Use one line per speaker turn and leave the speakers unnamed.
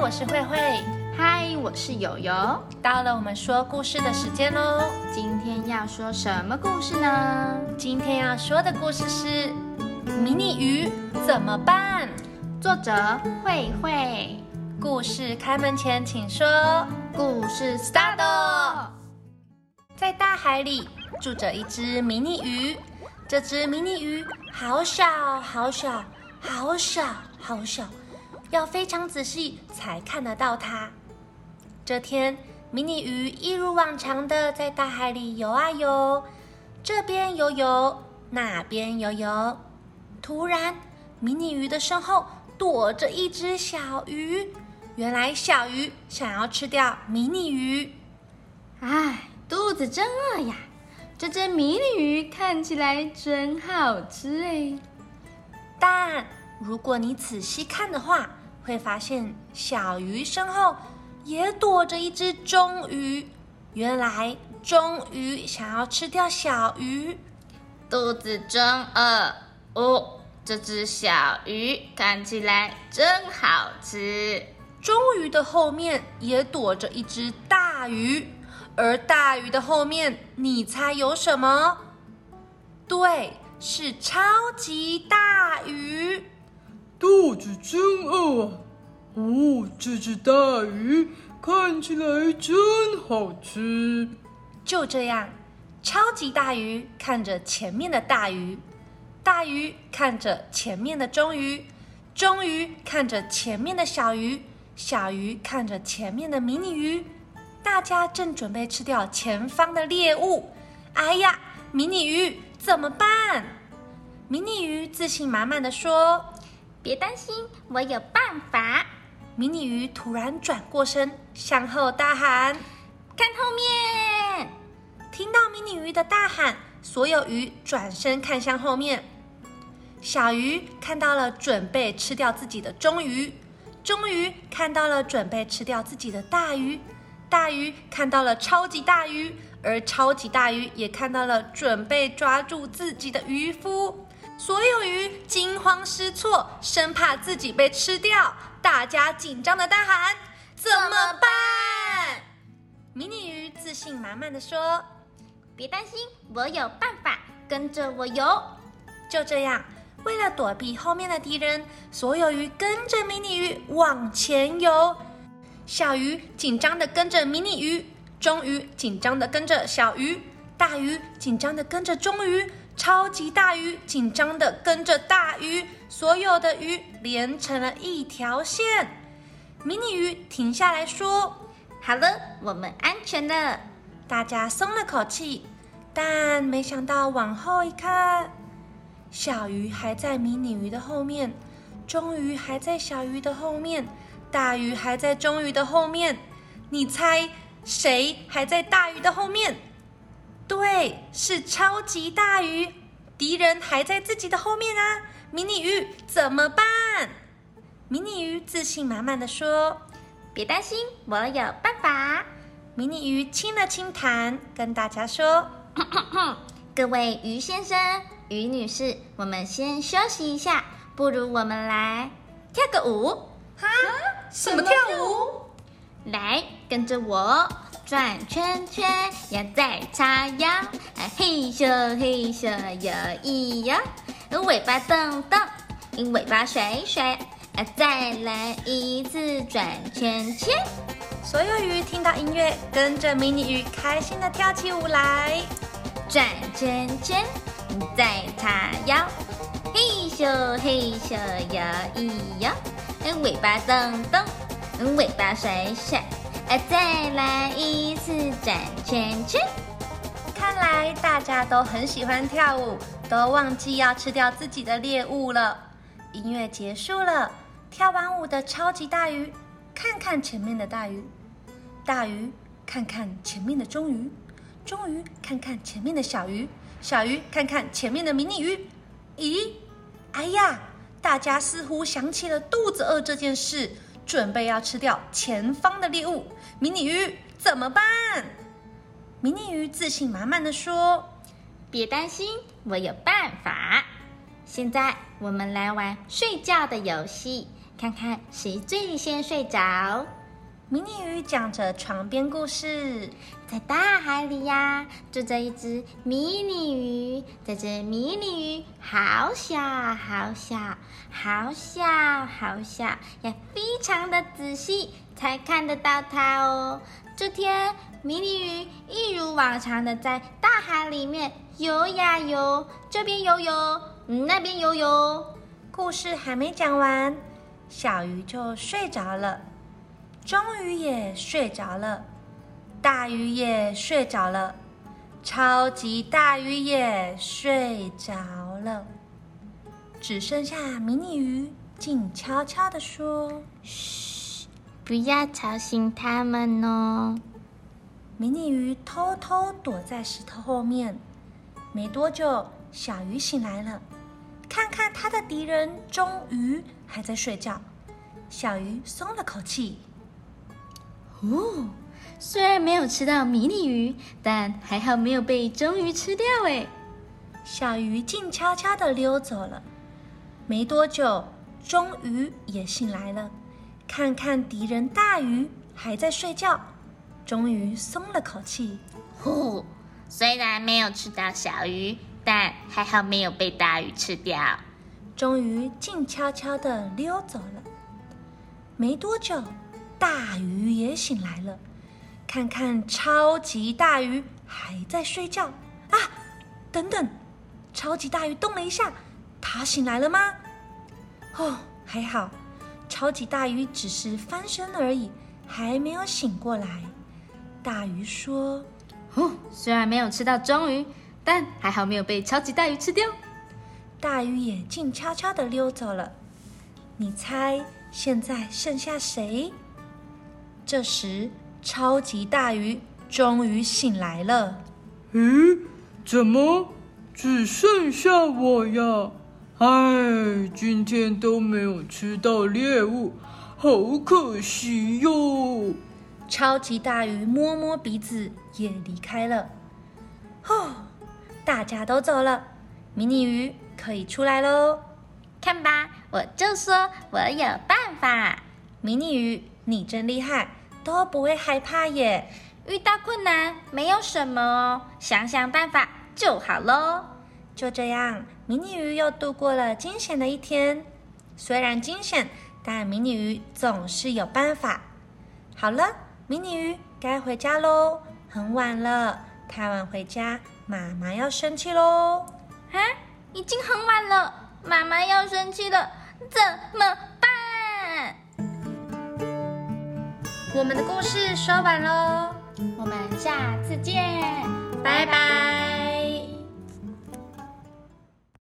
我是卉卉，嗨，我是悠悠。到了我們說故事的時間嘍，今天要說什麼故事呢？今天要說的故事是《迷你魚怎麼辦》，作者卉卉。卉卉故事開門前請說，故事 start。在大海裡住着一隻迷你魚，這隻迷你魚好小好小好小好小。要非常仔細才看得到它。這天，迷你魚一如往常的在大海裡游啊游，這邊游游，那邊游游。突然，迷你魚的身後躲着一隻小魚。原來，小魚想要吃掉迷你魚。哎，肚子真餓呀！這隻迷你魚看起來真好吃哎。但如果你仔細看的話，會發現小魚身後也躲着一隻中魚，原來中魚想要吃掉小魚，肚子真餓哦！這隻小魚看起來真好吃。中魚的後面也躲着一隻大魚，而大魚的後面，你猜有什麼？對，是超級大魚。肚子真餓，哦，這隻大魚看起來真好吃。就這樣，超級大魚看着前面的大魚，大魚看着前面的中魚，中魚看着前面的小魚，小魚看着前面的迷你魚。大家正準備吃掉前方的獵物，哎呀，迷你魚怎麼辦？迷你魚自信滿滿的說。別擔心，我有辦法。迷你魚突然轉過身，向後大喊：“看後面！”聽到迷你魚的大喊，所有魚轉身看向後面。小魚看到了準備吃掉自己的中魚，中魚看到了準備吃掉自己的大魚，大魚看到了超級大魚，而超級大魚也看到了準備抓住自己的漁夫。所有魚驚慌失措，生怕自己被吃掉。大家緊張的大喊：“怎麼辦？”迷你魚自信滿滿的說：“別擔心，我有辦法。跟着我游。”就這樣，為了躲避後面的敵人，所有魚跟着迷你魚往前游。小魚緊張的跟着迷你魚，中魚緊張的跟着小魚，大魚緊張的跟着中魚。超級大魚緊張的跟着大魚，所有的魚連成了一條線。迷你魚停下來說：“好了，我們安全了。”大家鬆了口氣，但沒想到往後一看，小魚還在迷你魚的後面，中魚還在小魚的後面，大魚還在中魚的後面。你猜誰還在大魚的後面？對，是超級大魚，敵人還在自己的後面啊！迷你魚怎麼辦？迷你魚自信滿滿的說：“別擔心，我有辦法。”迷你魚清了清痰，跟大家說咳咳咳：“各位魚先生、魚女士，我們先休息一下，不如我們來跳個舞。哈？什麼跳舞？來，跟着我。”轉圈圈，要再叉腰，哎，嘿咻嘿咻搖一搖，尾巴動動，尾巴甩甩，啊，再來一次轉圈圈。所有魚聽到音樂，跟着迷你魚開心的跳起舞來。轉圈圈，再叉腰，嘿咻嘿咻搖一搖，尾巴動動，尾巴甩甩。哎、啊，再來一次轉圈圈！看來大家都很喜歡跳舞，都忘記要吃掉自己的獵物了。音樂結束了，跳完舞的超級大魚，看看前面的大魚；大魚看看前面的中魚；中魚看看前面的小魚；小魚看看前面的迷你魚。咦，哎呀，大家似乎想起了肚子餓這件事。準備要吃掉前方的獵物，迷你魚怎麼辦？迷你魚自信滿滿地說：“別擔心，我有辦法。現在我們來玩睡覺的遊戲，看看誰最先睡着。”迷你魚講着床邊故事，在大海裡呀、啊，住着一隻迷你魚。這隻迷你魚好小好小，好小好小，要非常的仔細才看得到它哦。這天，迷你魚一如往常的在大海裡面游呀游，這邊游游，那邊游游。故事還沒講完，小魚就睡着了。終於也睡着了，大魚也睡着了，超級大魚也睡着了，只剩下迷你魚靜悄悄的說：“噓，不要吵醒他們哦。”迷你魚偷偷躲在石頭後面。沒多久，小魚醒來了，看看它的敵人，終於還在睡覺，小魚鬆了口氣。哦，雖然沒有吃到迷你魚，但還好沒有被中魚吃掉誒。小魚靜悄悄的溜走了，沒多久，中魚也醒來了，看看敵人大魚還在睡覺，終於鬆了口氣。呼、哦，雖然沒有吃到小魚，但還好沒有被大魚吃掉，終於靜悄悄的溜走了。沒多久。大魚也醒來了，看看超級大魚還在睡覺啊！等等，超級大魚動了一下，它醒來了嗎？哦，還好，超級大魚只是翻身而已，還沒有醒過來。大魚說：“哦，雖然沒有吃到中魚，但還好沒有被超級大魚吃掉。”大魚也靜悄悄的溜走了。你猜現在剩下誰？這時，超級大魚終於醒來了。咦，怎麼只剩下我呀？唉，今天都沒有吃到獵物，好可惜喲！超級大魚摸摸鼻子，也離開了。哦，大家都走了，迷你魚可以出來咯。看吧，我就說我有辦法，迷你魚。你真厲害，都不會害怕耶！遇到困難，沒有什麼哦，想想辦法就好咯。就這樣，迷你魚又度過了驚險的一天。雖然驚險，但迷你魚總是有辦法。好了，迷你魚該回家嘍，很晚了，太晚回家，媽媽要生氣嘍。啊，已經很晚了，媽媽要生氣了，怎麼？我們的故事說完嘍，我們下次見，拜拜。拜拜。